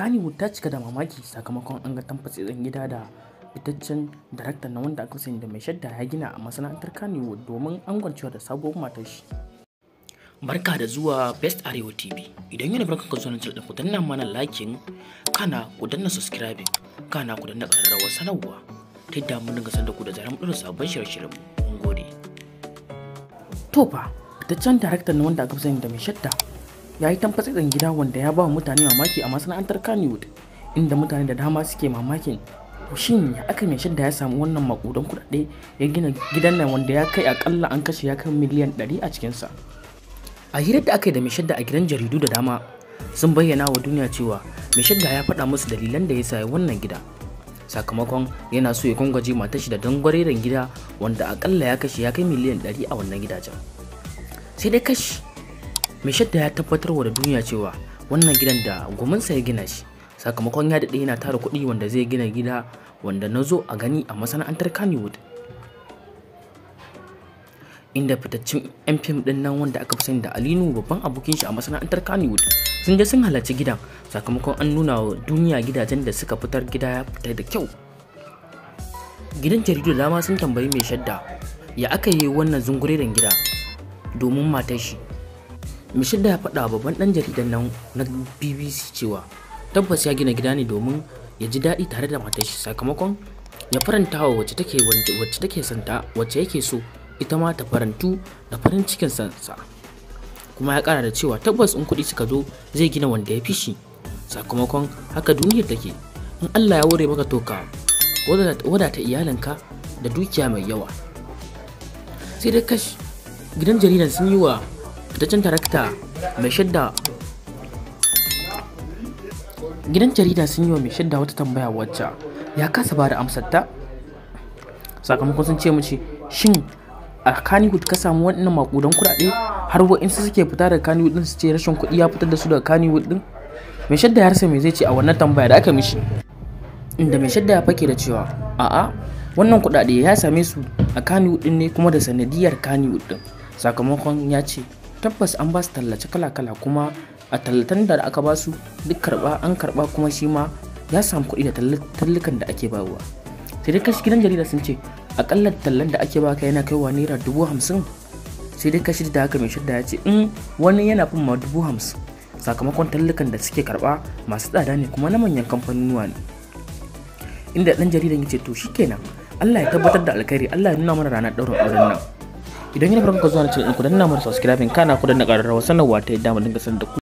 Kannywood ta cika da mamaki sakamakon an ga tamfatsi zan gida da fitaccen daraktan na wanda aka sani da mai shadda ya gina a masana'antar Kannywood domin angwancewa da sabuwar matar shi. Barka da zuwa Best Arewa TV. Idan yana barkan ka zuwa nan ku danna mana lakin kana ku danna subscribing, kana ku danna ƙararrawar sanarwa. Ta yadda mun dinga da ku da zaran ɗora sabon shirye-shiryen mun gode. To fa, fitaccen daraktan na wanda aka sani da mai shadda ya yi tamfatsarin gida wanda ya ba mutane mamaki a masana'antar Kannywood inda mutane da dama suke mamakin shin ya aka mai shadda ya samu wannan makudan kudade ya gina gidan nan wanda ya kai akalla an kashe ya kan miliyan 100 a cikinsa a hirar da aka yi da mai shadda a gidan jaridu da dama sun bayyana wa duniya cewa mai shadda ya faɗa musu dalilan da ya sayi wannan gida sakamakon yana so ya gwangwaje matashi da dangwareren gida wanda akalla ya kashe ya kai miliyan 100 a wannan gidajen sai dai kashi mai shadda ya tabbatarwa da duniya cewa wannan gidan da gwamnati ya gina shi sakamakon ya daɗe yana tara kuɗi wanda zai gina gida wanda na zo a gani a masana'antar kanywood. inda fitaccen yan fim ɗin nan wanda aka fi sani da alinu babban abokin shi a masana'antar kanywood sun je sun halarci gidan sakamakon an nuna wa duniya gidajen da suka fitar gida ya fita da kyau gidan jaridu da dama sun tambayi mai shadda ya aka yi wannan zungureren gida domin matar shi da ya faɗa babban ɗan jaridan nan na bbc cewa tabbas ya gina gida ne domin ya ji daɗi tare da matar shi sakamakon ya faranta wa wacce take wacce take santa wacce yake so ita ma ta farantu da farin cikin sansa kuma ya kara da cewa tabbas in kuɗi suka zo zai gina wanda ya fi shi sakamakon haka duniyar take in allah ya ware maka toka wadata iyalinka da dukiya mai yawa sai dai kash gidan jaridan sun yi wa fitaccen tare darakta mai shidda gidan jarida sun yi wa mai shidda wata tambaya wacce ya kasa ba da amsarta sakamakon sun ce mace shin a kanihud ka samu waɗannan makudan kuɗaɗe har su suke fita daga kanihud ɗin su ce rashin kuɗi ya fitar da su daga kanihud ɗin mai shadda ya rasa mai zai ce a wannan tambaya da aka mishi inda mai shadda ya fake da cewa a'a wannan kuɗaɗe ya same su a kanihud ɗin ne kuma da sanadiyar kanihud ɗin sakamakon ya ce tabbas an ba su tallace kala-kala kuma a tallatan da aka ba su duk karba an karba kuma shi ma ya samu kuɗi da tallukan da ake bayarwa sai dai kashi gidan jarida sun ce akalla tallan da ake baka yana kaiwa naira dubu hamsin sai dai kashi da aka mai da ya ce in mm, wani yana fin ma dubu hamsin sakamakon tallukan da suke karba masu tsada ne kuma na manyan kamfanunuwa ne inda dan jaridan ya ce to kenan Allah ya tabbatar da alkhairi Allah ya nuna mana ranar ɗaurin auren nan idan yana farko zuwa na cikin ku danna mu subscribing kana ku danna ƙararrawa sanarwa ta yadda mu dinga sanar da ku